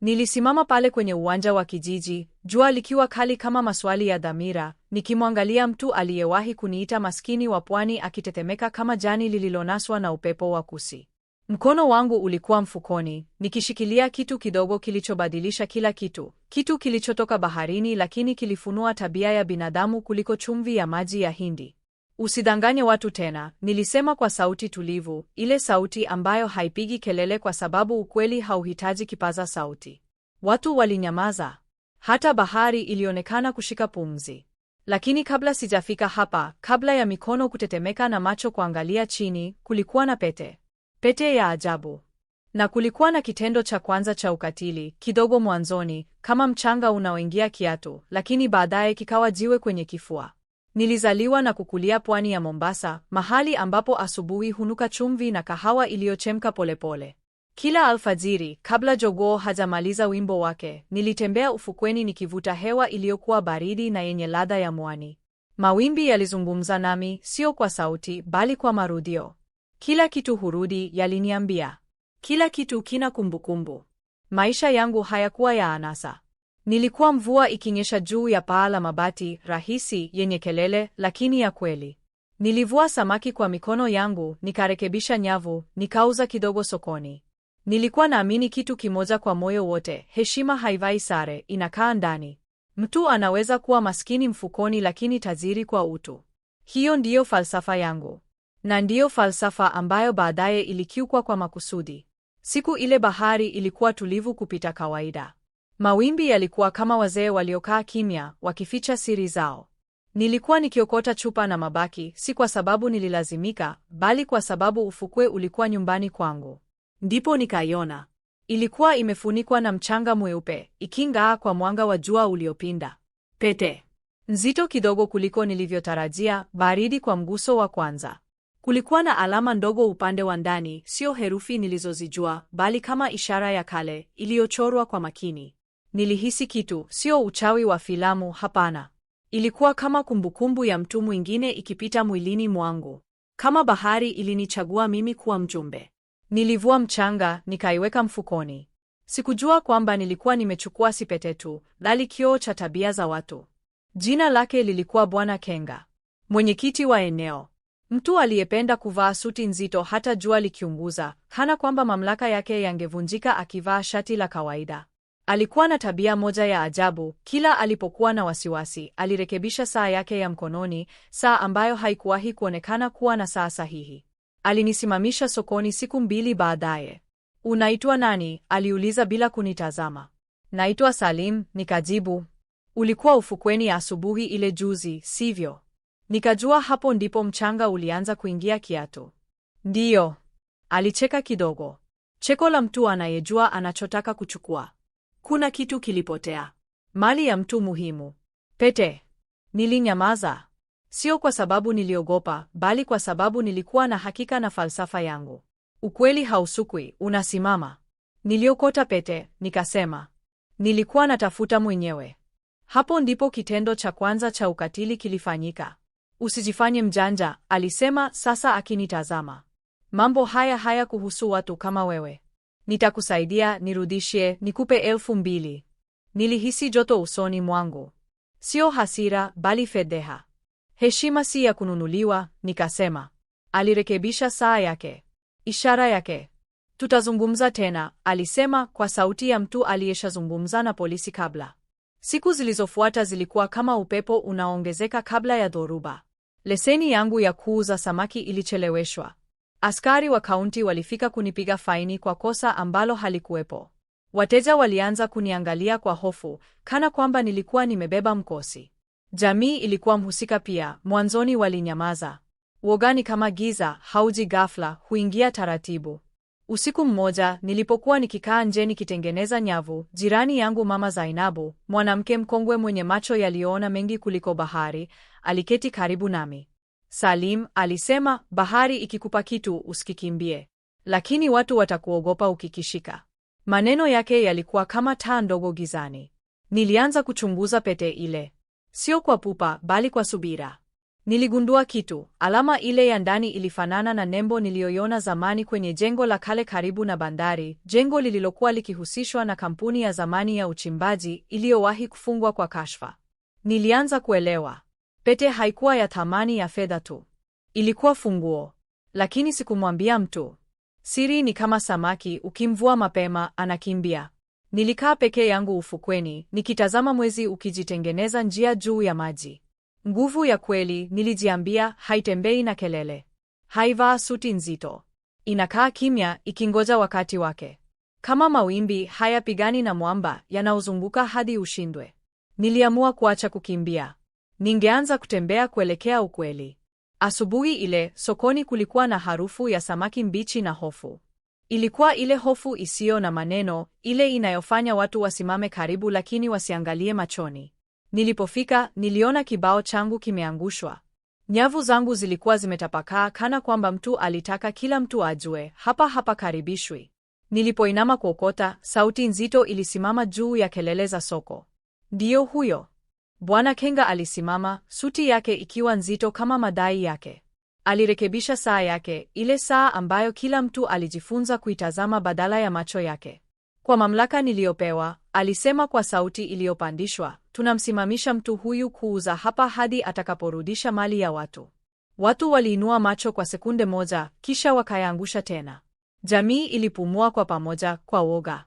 Nilisimama pale kwenye uwanja wa kijiji, jua likiwa kali kama maswali ya dhamira, nikimwangalia mtu aliyewahi kuniita maskini wa pwani akitetemeka kama jani lililonaswa na upepo wa kusi. Mkono wangu ulikuwa mfukoni, nikishikilia kitu kidogo kilichobadilisha kila kitu, kitu kilichotoka baharini lakini kilifunua tabia ya binadamu kuliko chumvi ya maji ya Hindi. Usidanganye watu tena, nilisema kwa sauti tulivu, ile sauti ambayo haipigi kelele kwa sababu ukweli hauhitaji kipaza sauti. Watu walinyamaza. Hata bahari ilionekana kushika pumzi. Lakini kabla sijafika hapa, kabla ya mikono kutetemeka na macho kuangalia chini, kulikuwa na pete. Pete ya ajabu. Na kulikuwa na kitendo cha kwanza cha ukatili, kidogo mwanzoni, kama mchanga unaoingia kiatu, lakini baadaye kikawa jiwe kwenye kifua. Nilizaliwa na kukulia pwani ya Mombasa, mahali ambapo asubuhi hunuka chumvi na kahawa iliyochemka polepole. Kila alfajiri, kabla jogoo hajamaliza wimbo wake, nilitembea ufukweni nikivuta hewa iliyokuwa baridi na yenye ladha ya mwani. Mawimbi yalizungumza nami, sio kwa sauti, bali kwa marudio. Kila kitu hurudi, yaliniambia. Kila kitu kina kumbukumbu. Maisha yangu hayakuwa ya anasa. Nilikuwa mvua ikinyesha juu ya paa la mabati rahisi yenye kelele lakini ya kweli. Nilivua samaki kwa mikono yangu, nikarekebisha nyavu, nikauza kidogo sokoni. Nilikuwa naamini kitu kimoja kwa moyo wote, heshima haivai sare, inakaa ndani. Mtu anaweza kuwa maskini mfukoni lakini tajiri kwa utu. Hiyo ndiyo falsafa yangu. Na ndiyo falsafa ambayo baadaye ilikiukwa kwa makusudi. Siku ile bahari ilikuwa tulivu kupita kawaida. Mawimbi yalikuwa kama wazee waliokaa kimya, wakificha siri zao. Nilikuwa nikiokota chupa na mabaki, si kwa sababu nililazimika, bali kwa sababu ufukwe ulikuwa nyumbani kwangu. Ndipo nikaiona. Ilikuwa imefunikwa na mchanga mweupe, iking'aa kwa mwanga wa jua uliopinda. Pete nzito kidogo kuliko nilivyotarajia, baridi kwa mguso wa kwanza. Kulikuwa na alama ndogo upande wa ndani, sio herufi nilizozijua, bali kama ishara ya kale iliyochorwa kwa makini. Nilihisi kitu, sio uchawi wa filamu, hapana. Ilikuwa kama kumbukumbu ya mtu mwingine ikipita mwilini mwangu, kama bahari ilinichagua mimi kuwa mjumbe. Nilivua mchanga nikaiweka mfukoni. Sikujua kwamba nilikuwa nimechukua si pete tu, bali kioo cha tabia za watu. Jina lake lilikuwa Bwana Kenga, mwenyekiti wa eneo, mtu aliyependa kuvaa suti nzito hata jua likiunguza, kana kwamba mamlaka yake yangevunjika akivaa shati la kawaida. Alikuwa na tabia moja ya ajabu. Kila alipokuwa na wasiwasi, alirekebisha saa yake ya mkononi, saa ambayo haikuwahi kuonekana kuwa na saa sahihi. Alinisimamisha sokoni siku mbili baadaye. Unaitwa nani? aliuliza bila kunitazama. Naitwa Salim, nikajibu. Ulikuwa ufukweni asubuhi ile juzi, sivyo? Nikajua hapo ndipo mchanga ulianza kuingia kiatu. Ndiyo. Alicheka kidogo, cheko la mtu anayejua anachotaka kuchukua kuna kitu kilipotea, mali ya mtu muhimu, pete. Nilinyamaza, sio kwa sababu niliogopa, bali kwa sababu nilikuwa na hakika na falsafa yangu. Ukweli hausukwi, unasimama. Niliokota pete, nikasema nilikuwa natafuta mwenyewe. Hapo ndipo kitendo cha kwanza cha ukatili kilifanyika. Usijifanye mjanja, alisema sasa akinitazama. Mambo haya haya kuhusu watu kama wewe nitakusaidia, nirudishie, nikupe elfu mbili. Nilihisi joto usoni mwangu, sio hasira bali fedheha. Heshima si ya kununuliwa, nikasema. Alirekebisha saa yake, ishara yake. Tutazungumza tena, alisema kwa sauti ya mtu aliyeshazungumza na polisi kabla. Siku zilizofuata zilikuwa kama upepo unaongezeka kabla ya dhoruba. Leseni yangu ya kuuza samaki ilicheleweshwa. Askari wa kaunti walifika kunipiga faini kwa kosa ambalo halikuwepo. Wateja walianza kuniangalia kwa hofu kana kwamba nilikuwa nimebeba mkosi. Jamii ilikuwa mhusika pia. Mwanzoni walinyamaza. Woga ni kama giza, hauji ghafla, huingia taratibu. Usiku mmoja nilipokuwa nikikaa nje nikitengeneza nyavu, jirani yangu Mama Zainabu, mwanamke mkongwe mwenye macho yaliyoona mengi kuliko bahari, aliketi karibu nami. Salim alisema, bahari ikikupa kitu usikikimbie, lakini watu watakuogopa ukikishika. Maneno yake yalikuwa kama taa ndogo gizani. Nilianza kuchunguza pete ile, sio kwa pupa, bali kwa subira. Niligundua kitu. Alama ile ya ndani ilifanana na nembo niliyoiona zamani kwenye jengo la kale karibu na bandari, jengo lililokuwa likihusishwa na kampuni ya zamani ya uchimbaji iliyowahi kufungwa kwa kashfa. Nilianza kuelewa. Pete haikuwa ya thamani ya fedha tu, ilikuwa funguo. Lakini sikumwambia mtu. Siri ni kama samaki, ukimvua mapema anakimbia. Nilikaa peke yangu ufukweni, nikitazama mwezi ukijitengeneza njia juu ya maji. Nguvu ya kweli, nilijiambia, haitembei na kelele, haivaa suti nzito, inakaa kimya, ikingoja wakati wake. Kama mawimbi hayapigani na mwamba, yanauzunguka hadi ushindwe. Niliamua kuacha kukimbia. Ningeanza kutembea kuelekea ukweli. Asubuhi ile sokoni kulikuwa na harufu ya samaki mbichi na hofu. Ilikuwa ile hofu isiyo na maneno, ile inayofanya watu wasimame karibu lakini wasiangalie machoni. Nilipofika, niliona kibao changu kimeangushwa. Nyavu zangu zilikuwa zimetapakaa kana kwamba mtu alitaka kila mtu ajue, hapa hapa karibishwi Nilipoinama kuokota, sauti nzito ilisimama juu ya kelele za soko. Ndiyo huyo. Bwana Kenga alisimama, suti yake ikiwa nzito kama madai yake. Alirekebisha saa yake, ile saa ambayo kila mtu alijifunza kuitazama badala ya macho yake. Kwa mamlaka niliyopewa, alisema kwa sauti iliyopandishwa, tunamsimamisha mtu huyu kuuza hapa hadi atakaporudisha mali ya watu. Watu waliinua macho kwa sekunde moja, kisha wakayaangusha tena. Jamii ilipumua kwa pamoja, kwa woga.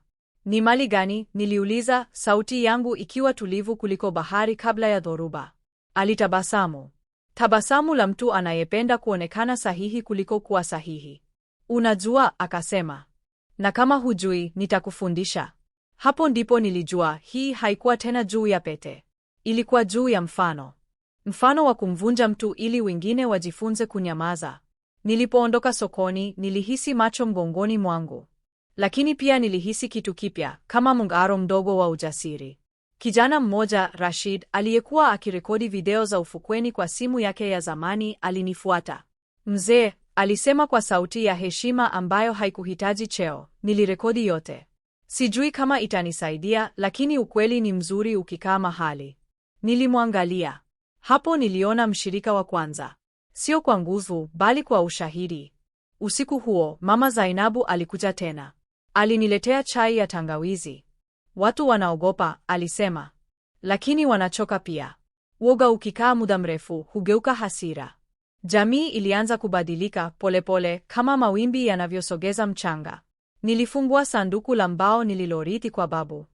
Ni mali gani? niliuliza, sauti yangu ikiwa tulivu kuliko bahari kabla ya dhoruba. Alitabasamu, tabasamu la mtu anayependa kuonekana sahihi kuliko kuwa sahihi. Unajua, akasema, na kama hujui, nitakufundisha. Hapo ndipo nilijua hii haikuwa tena juu ya pete, ilikuwa juu ya mfano, mfano wa kumvunja mtu ili wengine wajifunze kunyamaza. Nilipoondoka sokoni, nilihisi macho mgongoni mwangu lakini pia nilihisi kitu kipya kama mng'aro mdogo wa ujasiri. Kijana mmoja Rashid, aliyekuwa akirekodi video za ufukweni kwa simu yake ya zamani, alinifuata. Mzee, alisema kwa sauti ya heshima ambayo haikuhitaji cheo, nilirekodi yote. Sijui kama itanisaidia, lakini ukweli ni mzuri ukikaa mahali. Nilimwangalia. Hapo niliona mshirika wa kwanza, sio kwa nguvu, bali kwa ushahidi. Usiku huo mama Zainabu alikuja tena. Aliniletea chai ya tangawizi. Watu wanaogopa, alisema, lakini wanachoka pia. Woga ukikaa muda mrefu hugeuka hasira. Jamii ilianza kubadilika polepole pole, kama mawimbi yanavyosogeza mchanga. Nilifungua sanduku la mbao nililorithi kwa babu.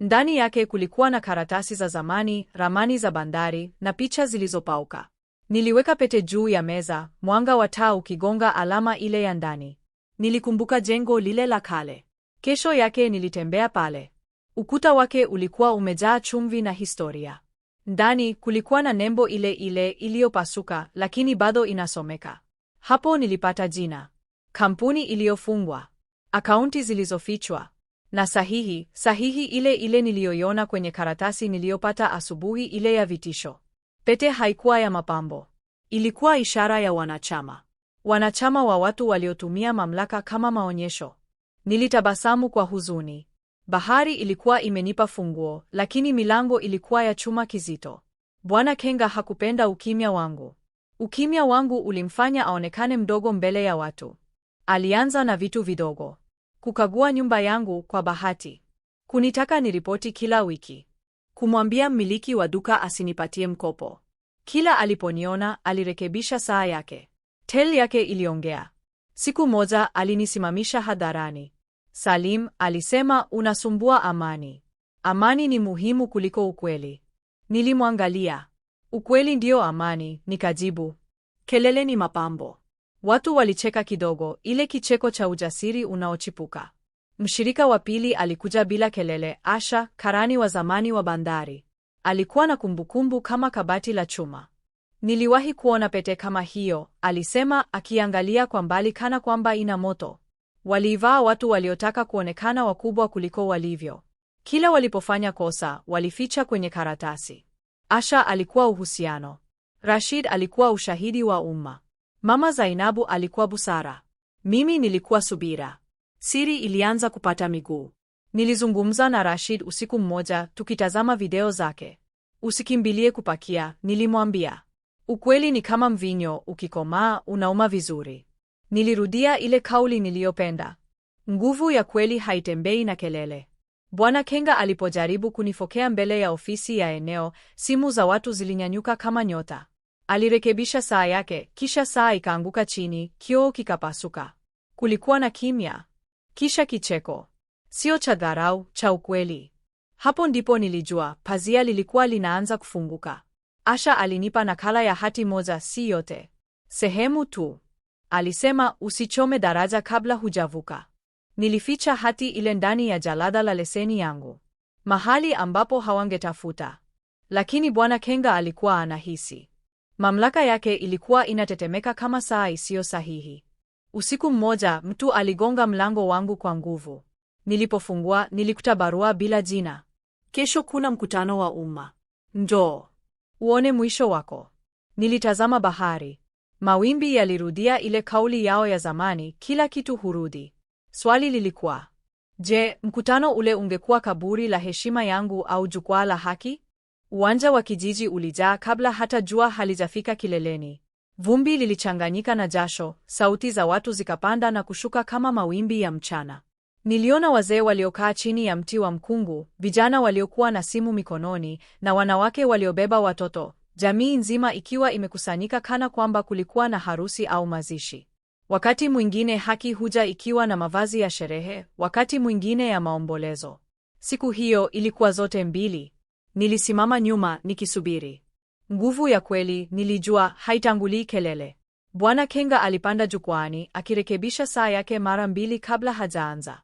Ndani yake kulikuwa na karatasi za zamani, ramani za bandari na picha zilizopauka. Niliweka pete juu ya meza, mwanga wa taa ukigonga alama ile ya ndani. Nilikumbuka jengo lile la kale. Kesho yake nilitembea pale. Ukuta wake ulikuwa umejaa chumvi na historia. Ndani kulikuwa na nembo ile ile iliyopasuka lakini bado inasomeka. Hapo nilipata jina, kampuni iliyofungwa, akaunti zilizofichwa na sahihi, sahihi ile ile niliyoiona kwenye karatasi niliyopata asubuhi ile ya vitisho. Pete haikuwa ya mapambo, ilikuwa ishara ya wanachama, wanachama wa watu waliotumia mamlaka kama maonyesho. Nilitabasamu kwa huzuni. Bahari ilikuwa imenipa funguo, lakini milango ilikuwa ya chuma kizito. Bwana Kenga hakupenda ukimya wangu. Ukimya wangu ulimfanya aonekane mdogo mbele ya watu. Alianza na vitu vidogo: kukagua nyumba yangu kwa bahati, kunitaka niripoti kila wiki, kumwambia mmiliki wa duka asinipatie mkopo. Kila aliponiona alirekebisha saa yake, tel yake iliongea. Siku moja alinisimamisha hadharani. Salim alisema, unasumbua amani. Amani ni muhimu kuliko ukweli. Nilimwangalia. Ukweli ndiyo amani, nikajibu. Kelele ni mapambo. Watu walicheka kidogo, ile kicheko cha ujasiri unaochipuka. Mshirika wa pili alikuja bila kelele, Asha, karani wa zamani wa bandari. Alikuwa na kumbukumbu kama kabati la chuma. Niliwahi kuona pete kama hiyo, alisema akiangalia kwa mbali kana kwamba ina moto. Waliivaa watu waliotaka kuonekana wakubwa kuliko walivyo. Kila walipofanya kosa, walificha kwenye karatasi. Asha alikuwa uhusiano. Rashid alikuwa ushahidi wa umma. Mama Zainabu alikuwa busara. Mimi nilikuwa subira. Siri ilianza kupata miguu. Nilizungumza na Rashid usiku mmoja tukitazama video zake. Usikimbilie kupakia, nilimwambia. Ukweli ni kama mvinyo, ukikomaa unauma vizuri. Nilirudia ile kauli niliyopenda, nguvu ya kweli haitembei na kelele. Bwana Kenga alipojaribu kunifokea mbele ya ofisi ya eneo, simu za watu zilinyanyuka kama nyota. Alirekebisha saa yake, kisha saa ikaanguka chini, kioo kikapasuka. Kulikuwa na kimya, kisha kicheko, sio cha dharau, cha ukweli. Hapo ndipo nilijua pazia lilikuwa linaanza kufunguka. Asha alinipa nakala ya hati moja, si yote, sehemu tu. Alisema usichome daraja kabla hujavuka. Nilificha hati ile ndani ya jalada la leseni yangu, mahali ambapo hawangetafuta. Lakini bwana Kenga alikuwa anahisi mamlaka yake ilikuwa inatetemeka kama saa isiyo sahihi. Usiku mmoja, mtu aligonga mlango wangu kwa nguvu. Nilipofungua nilikuta barua bila jina: kesho kuna mkutano wa umma, njoo uone mwisho wako. Nilitazama bahari. Mawimbi yalirudia ile kauli yao ya zamani, kila kitu hurudi. Swali lilikuwa, je, mkutano ule ungekuwa kaburi la heshima yangu au jukwaa la haki? Uwanja wa kijiji ulijaa kabla hata jua halijafika kileleni. Vumbi lilichanganyika na jasho, sauti za watu zikapanda na kushuka kama mawimbi ya mchana. Niliona wazee waliokaa chini ya mti wa mkungu, vijana waliokuwa na simu mikononi, na wanawake waliobeba watoto, jamii nzima ikiwa imekusanyika kana kwamba kulikuwa na harusi au mazishi. Wakati mwingine haki huja ikiwa na mavazi ya sherehe, wakati mwingine ya maombolezo. Siku hiyo ilikuwa zote mbili. Nilisimama nyuma nikisubiri. Nguvu ya kweli, nilijua, haitangulii kelele. Bwana Kenga alipanda jukwani akirekebisha saa yake mara mbili kabla hajaanza.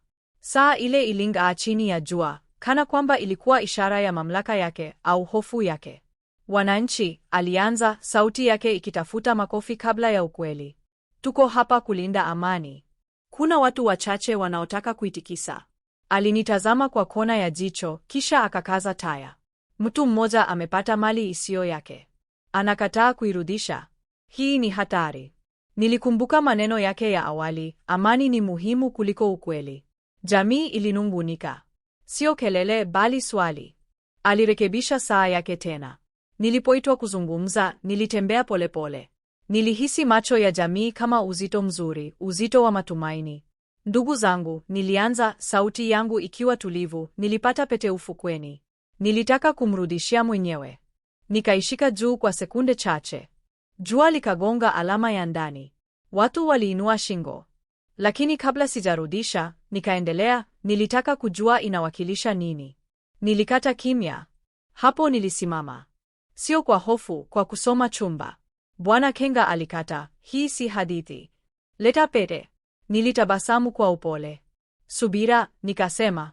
Saa ile iling'aa chini ya jua, kana kwamba ilikuwa ishara ya mamlaka yake au hofu yake. Wananchi, alianza, sauti yake ikitafuta makofi kabla ya ukweli. Tuko hapa kulinda amani. Kuna watu wachache wanaotaka kuitikisa. Alinitazama kwa kona ya jicho, kisha akakaza taya. Mtu mmoja amepata mali isiyo yake, anakataa kuirudisha. Hii ni hatari. Nilikumbuka maneno yake ya awali, amani ni muhimu kuliko ukweli. Jamii ilinungunika, sio kelele bali swali. Alirekebisha saa yake tena. Nilipoitwa kuzungumza, nilitembea polepole pole. Nilihisi macho ya jamii kama uzito mzuri, uzito wa matumaini. Ndugu zangu, nilianza, sauti yangu ikiwa tulivu, nilipata pete ufukweni. Nilitaka kumrudishia mwenyewe. Nikaishika juu kwa sekunde chache. Jua likagonga alama ya ndani, watu waliinua shingo, lakini kabla sijarudisha, Nikaendelea, nilitaka kujua inawakilisha nini. Nilikata kimya. Hapo nilisimama, sio kwa hofu, kwa kusoma chumba. Bwana Kenga alikata, hii si hadithi, leta pete. Nilitabasamu kwa upole. Subira, nikasema,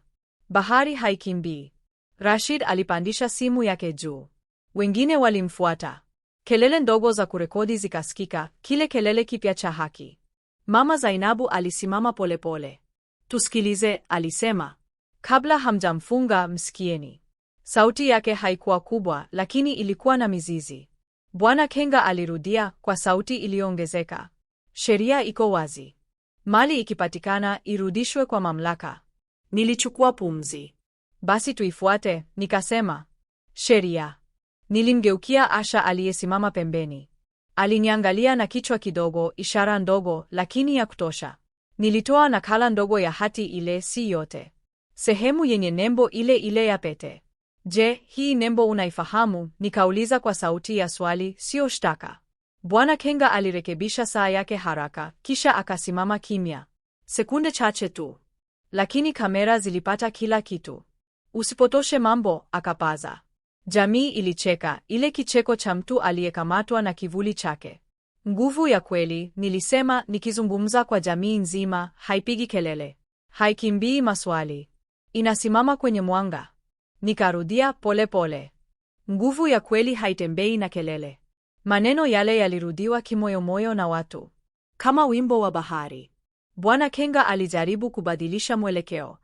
bahari haikimbii. Rashid alipandisha simu yake juu, wengine walimfuata. Kelele ndogo za kurekodi zikasikika, kile kelele kipya cha haki. Mama Zainabu alisimama polepole pole. Tusikilize, alisema. Kabla hamjamfunga msikieni. Sauti yake haikuwa kubwa, lakini ilikuwa na mizizi. Bwana Kenga alirudia kwa sauti iliyoongezeka. Sheria iko wazi. Mali ikipatikana irudishwe kwa mamlaka. Nilichukua pumzi. Basi tuifuate, nikasema. Sheria. Nilimgeukia Asha aliyesimama pembeni. Aliniangalia na kichwa kidogo, ishara ndogo lakini ya kutosha. Nilitoa nakala ndogo ya hati ile, si yote. Sehemu yenye nembo ile ile ya pete. Je, hii nembo unaifahamu? Nikauliza kwa sauti ya swali, sio shtaka. Bwana Kenga alirekebisha saa yake haraka, kisha akasimama kimya. Sekunde chache tu, lakini kamera zilipata kila kitu. Usipotoshe mambo, akapaza. Jamii ilicheka, ile kicheko cha mtu aliyekamatwa na kivuli chake. Nguvu ya kweli, nilisema nikizungumza kwa jamii nzima, haipigi kelele, haikimbii maswali, inasimama kwenye mwanga. Nikarudia polepole, nguvu ya kweli haitembei na kelele. Maneno yale yalirudiwa kimoyomoyo na watu kama wimbo wa bahari. Bwana Kenga alijaribu kubadilisha mwelekeo.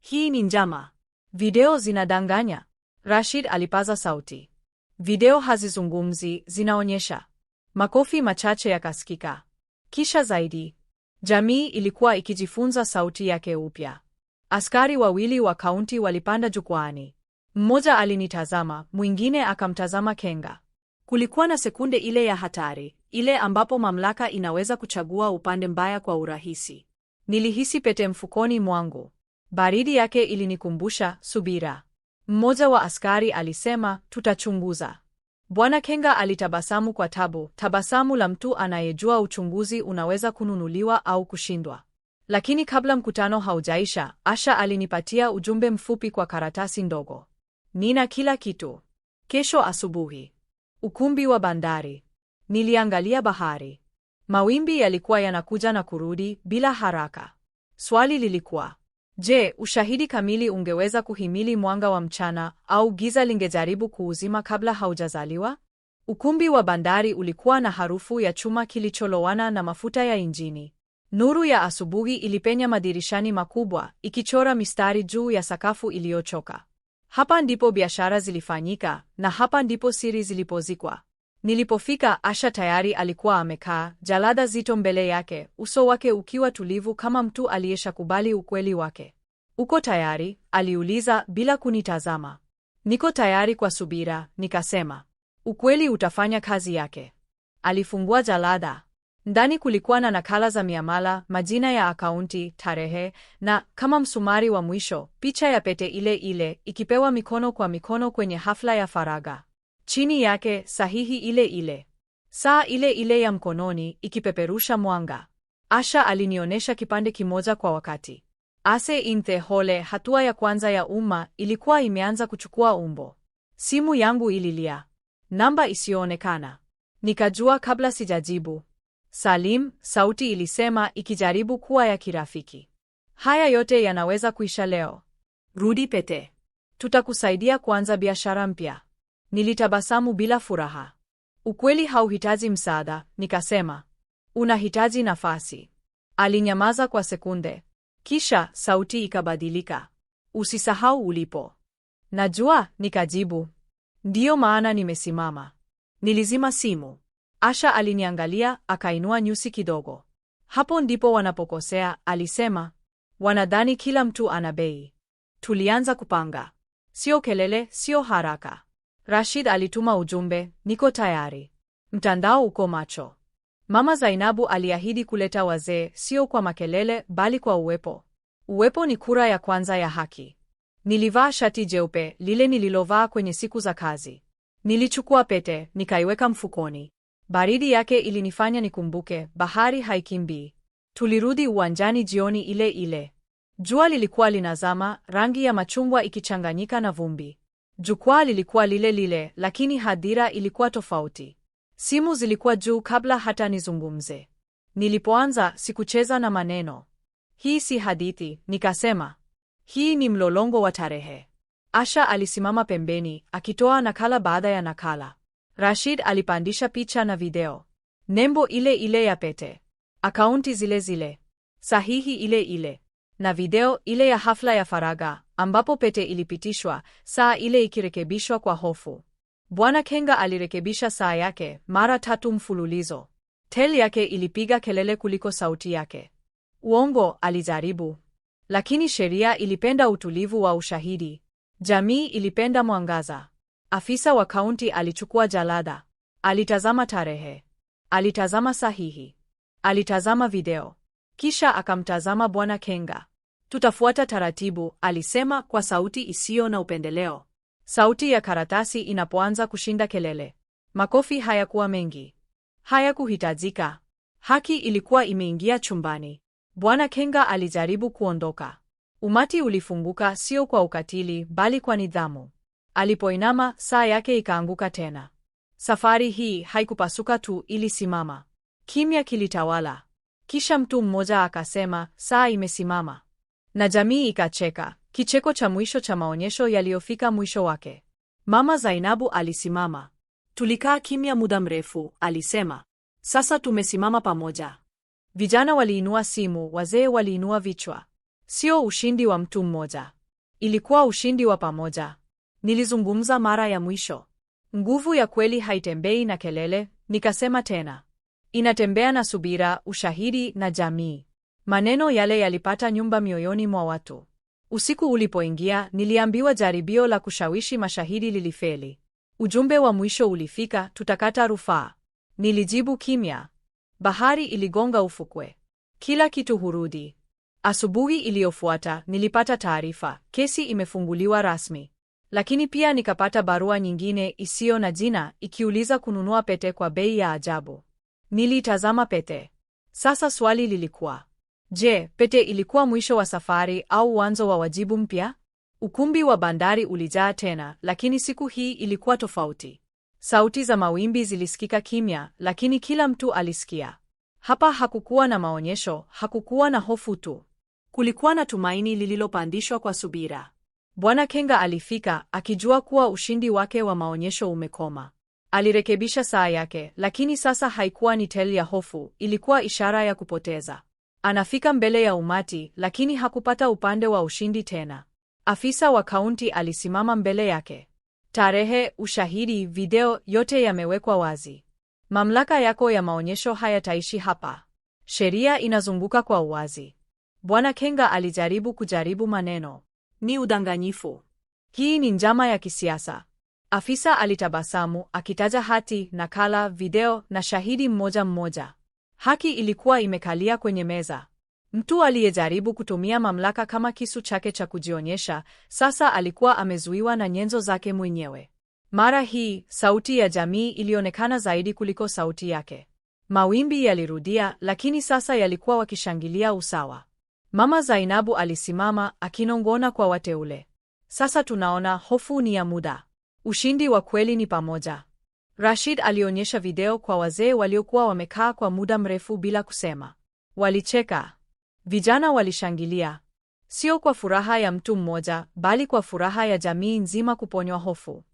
Hii ni njama, video zinadanganya, Rashid alipaza sauti. Video hazizungumzi, zinaonyesha. Makofi machache yakasikika, kisha zaidi. Jamii ilikuwa ikijifunza sauti yake upya. Askari wawili wa kaunti walipanda jukwaani. Mmoja alinitazama, mwingine akamtazama Kenga. Kulikuwa na sekunde ile ya hatari, ile ambapo mamlaka inaweza kuchagua upande mbaya kwa urahisi. Nilihisi pete mfukoni mwangu. Baridi yake ilinikumbusha subira. Mmoja wa askari alisema, tutachunguza. Bwana Kenga alitabasamu kwa tabu, tabasamu la mtu anayejua uchunguzi unaweza kununuliwa au kushindwa. Lakini kabla mkutano haujaisha, Asha alinipatia ujumbe mfupi kwa karatasi ndogo. Nina kila kitu. Kesho asubuhi. Ukumbi wa bandari. Niliangalia bahari. Mawimbi yalikuwa yanakuja na kurudi bila haraka. Swali lilikuwa, Je, ushahidi kamili ungeweza kuhimili mwanga wa mchana au giza lingejaribu kuuzima kabla haujazaliwa? Ukumbi wa bandari ulikuwa na harufu ya chuma kilicholowana na mafuta ya injini. Nuru ya asubuhi ilipenya madirishani makubwa, ikichora mistari juu ya sakafu iliyochoka. Hapa ndipo biashara zilifanyika na hapa ndipo siri zilipozikwa. Nilipofika Asha tayari alikuwa amekaa, jalada zito mbele yake, uso wake ukiwa tulivu kama mtu aliyeshakubali ukweli wake. Uko tayari? aliuliza bila kunitazama. Niko tayari kwa subira, nikasema. Ukweli utafanya kazi yake. Alifungua jalada. Ndani kulikuwa na nakala za miamala, majina ya akaunti, tarehe na kama msumari wa mwisho, picha ya pete ile ile ikipewa mikono kwa mikono kwenye hafla ya faragha chini yake sahihi ile ile, saa ile ile ya mkononi ikipeperusha mwanga. Asha alinionyesha kipande kimoja kwa wakati. Ase inte hole, hatua ya kwanza ya umma ilikuwa imeanza kuchukua umbo. Simu yangu ililia, namba isiyoonekana. Nikajua kabla sijajibu. Salim, sauti ilisema ikijaribu kuwa ya kirafiki. Haya yote yanaweza kuisha leo. Rudi Pete, tutakusaidia kuanza biashara mpya. Nilitabasamu bila furaha. Ukweli hauhitaji msaada, nikasema. Unahitaji nafasi. Alinyamaza kwa sekunde, kisha sauti ikabadilika. Usisahau ulipo. Najua, nikajibu. Ndiyo maana nimesimama. Nilizima simu. Asha aliniangalia, akainua nyusi kidogo. Hapo ndipo wanapokosea, alisema. Wanadhani kila mtu ana bei. Tulianza kupanga. Sio kelele, sio haraka. Rashid alituma ujumbe, niko tayari, mtandao uko macho. Mama Zainabu aliahidi kuleta wazee, sio kwa makelele, bali kwa uwepo. Uwepo ni kura ya kwanza ya haki. Nilivaa shati jeupe, lile nililovaa kwenye siku za kazi. Nilichukua pete, nikaiweka mfukoni. Baridi yake ilinifanya nikumbuke, bahari haikimbii. Tulirudi uwanjani jioni ile ile. Jua lilikuwa linazama, rangi ya machungwa ikichanganyika na vumbi. Jukwaa lilikuwa lile lile, lakini hadhira ilikuwa tofauti. Simu zilikuwa juu kabla hata nizungumze. Nilipoanza sikucheza na maneno. Hii si hadithi, nikasema. Hii ni mlolongo wa tarehe. Asha alisimama pembeni akitoa nakala baada ya nakala. Rashid alipandisha picha na video, nembo ile ile ya pete, akaunti zile zile, sahihi ile ile na video ile ya hafla ya faraga ambapo pete ilipitishwa, saa ile ikirekebishwa kwa hofu. Bwana Kenga alirekebisha saa yake mara tatu mfululizo. Tel yake ilipiga kelele kuliko sauti yake. Uongo, alijaribu, lakini sheria ilipenda utulivu wa ushahidi. Jamii ilipenda mwangaza. Afisa wa kaunti alichukua jalada, alitazama tarehe, alitazama sahihi, alitazama video, kisha akamtazama Bwana Kenga. Tutafuata taratibu, alisema kwa sauti isiyo na upendeleo. Sauti ya karatasi inapoanza kushinda kelele. Makofi hayakuwa mengi, hayakuhitajika. Haki ilikuwa imeingia chumbani. Bwana Kenga alijaribu kuondoka. Umati ulifunguka, sio kwa ukatili, bali kwa nidhamu. Alipoinama, saa yake ikaanguka tena. Safari hii haikupasuka tu, ilisimama. Kimya kilitawala. Kisha mtu mmoja akasema, saa imesimama na jamii ikacheka, kicheko cha mwisho cha maonyesho yaliyofika mwisho wake. Mama Zainabu alisimama. Tulikaa kimya muda mrefu, alisema. Sasa tumesimama pamoja. Vijana waliinua simu, wazee waliinua vichwa. Sio ushindi wa mtu mmoja, ilikuwa ushindi wa pamoja. Nilizungumza mara ya mwisho, nguvu ya kweli haitembei na kelele. Nikasema tena, inatembea na subira, ushahidi na jamii. Maneno yale yalipata nyumba mioyoni mwa watu. Usiku ulipoingia, niliambiwa jaribio la kushawishi mashahidi lilifeli. Ujumbe wa mwisho ulifika, tutakata rufaa. Nilijibu kimya. Bahari iligonga ufukwe. Kila kitu hurudi. Asubuhi iliyofuata nilipata taarifa, kesi imefunguliwa rasmi. Lakini pia nikapata barua nyingine isiyo na jina ikiuliza kununua pete kwa bei ya ajabu. Nilitazama pete. Sasa swali lilikuwa Je, pete ilikuwa mwisho wa safari au mwanzo wa wajibu mpya? Ukumbi wa bandari ulijaa tena, lakini siku hii ilikuwa tofauti. Sauti za mawimbi zilisikika kimya, lakini kila mtu alisikia. Hapa hakukuwa na maonyesho, hakukuwa na hofu tu. Kulikuwa na tumaini lililopandishwa kwa subira. Bwana Kenga alifika akijua kuwa ushindi wake wa maonyesho umekoma. Alirekebisha saa yake, lakini sasa haikuwa ni tel ya hofu, ilikuwa ishara ya kupoteza. Anafika mbele ya umati, lakini hakupata upande wa ushindi tena. Afisa wa kaunti alisimama mbele yake. Tarehe, ushahidi, video yote yamewekwa wazi. Mamlaka yako ya maonyesho hayataishi hapa. Sheria inazunguka kwa uwazi. Bwana Kenga alijaribu kujaribu maneno. Ni udanganyifu. Hii ni njama ya kisiasa. Afisa alitabasamu akitaja hati, nakala, video na shahidi mmoja mmoja. Haki ilikuwa imekalia kwenye meza. Mtu aliyejaribu kutumia mamlaka kama kisu chake cha kujionyesha, sasa alikuwa amezuiwa na nyenzo zake mwenyewe. Mara hii, sauti ya jamii ilionekana zaidi kuliko sauti yake. Mawimbi yalirudia, lakini sasa yalikuwa wakishangilia usawa. Mama Zainabu alisimama akinong'ona kwa wateule. Sasa tunaona hofu ni ya muda. Ushindi wa kweli ni pamoja. Rashid alionyesha video kwa wazee waliokuwa wamekaa kwa muda mrefu bila kusema. Walicheka, vijana walishangilia, sio kwa furaha ya mtu mmoja, bali kwa furaha ya jamii nzima kuponywa hofu.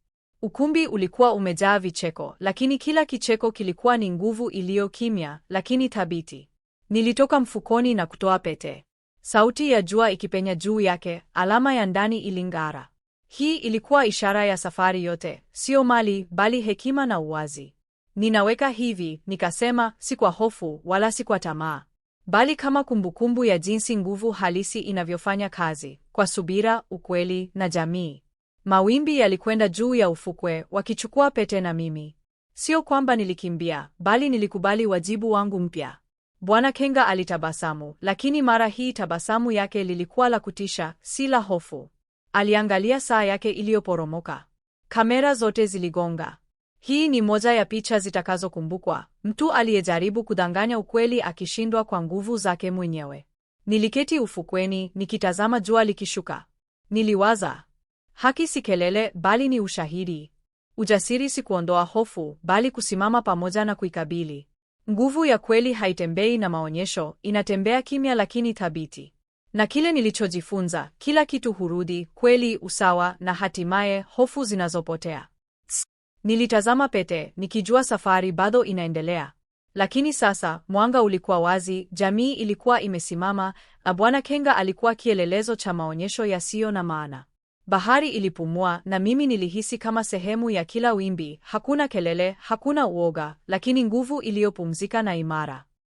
Ukumbi ulikuwa umejaa vicheko, lakini kila kicheko kilikuwa ni nguvu iliyo kimya lakini thabiti. Nilitoka mfukoni na kutoa pete, sauti ya jua ikipenya juu yake, alama ya ndani iling'ara. Hii ilikuwa ishara ya safari yote, sio mali bali hekima na uwazi. Ninaweka hivi, nikasema, si kwa hofu wala si kwa tamaa, bali kama kumbukumbu ya jinsi nguvu halisi inavyofanya kazi kwa subira, ukweli na jamii. Mawimbi yalikwenda juu ya ufukwe, wakichukua pete na mimi. Sio kwamba nilikimbia, bali nilikubali wajibu wangu mpya. Bwana Kenga alitabasamu, lakini mara hii tabasamu yake lilikuwa la kutisha, si la hofu. Aliangalia saa yake iliyoporomoka. Kamera zote ziligonga. Hii ni moja ya picha zitakazokumbukwa, mtu aliyejaribu kudanganya ukweli akishindwa kwa nguvu zake mwenyewe. Niliketi ufukweni nikitazama jua likishuka. Niliwaza, haki si kelele, bali ni ushahidi. Ujasiri si kuondoa hofu, bali kusimama pamoja na kuikabili. Nguvu ya kweli haitembei na maonyesho, inatembea kimya lakini thabiti. Na kile nilichojifunza, kila kitu hurudi, kweli, usawa na hatimaye hofu zinazopotea. Tss. Nilitazama pete, nikijua safari bado inaendelea. Lakini sasa mwanga ulikuwa wazi, jamii ilikuwa imesimama, na Bwana Kenga alikuwa kielelezo cha maonyesho yasiyo na maana. Bahari ilipumua na mimi nilihisi kama sehemu ya kila wimbi, hakuna kelele, hakuna uoga, lakini nguvu iliyopumzika na imara.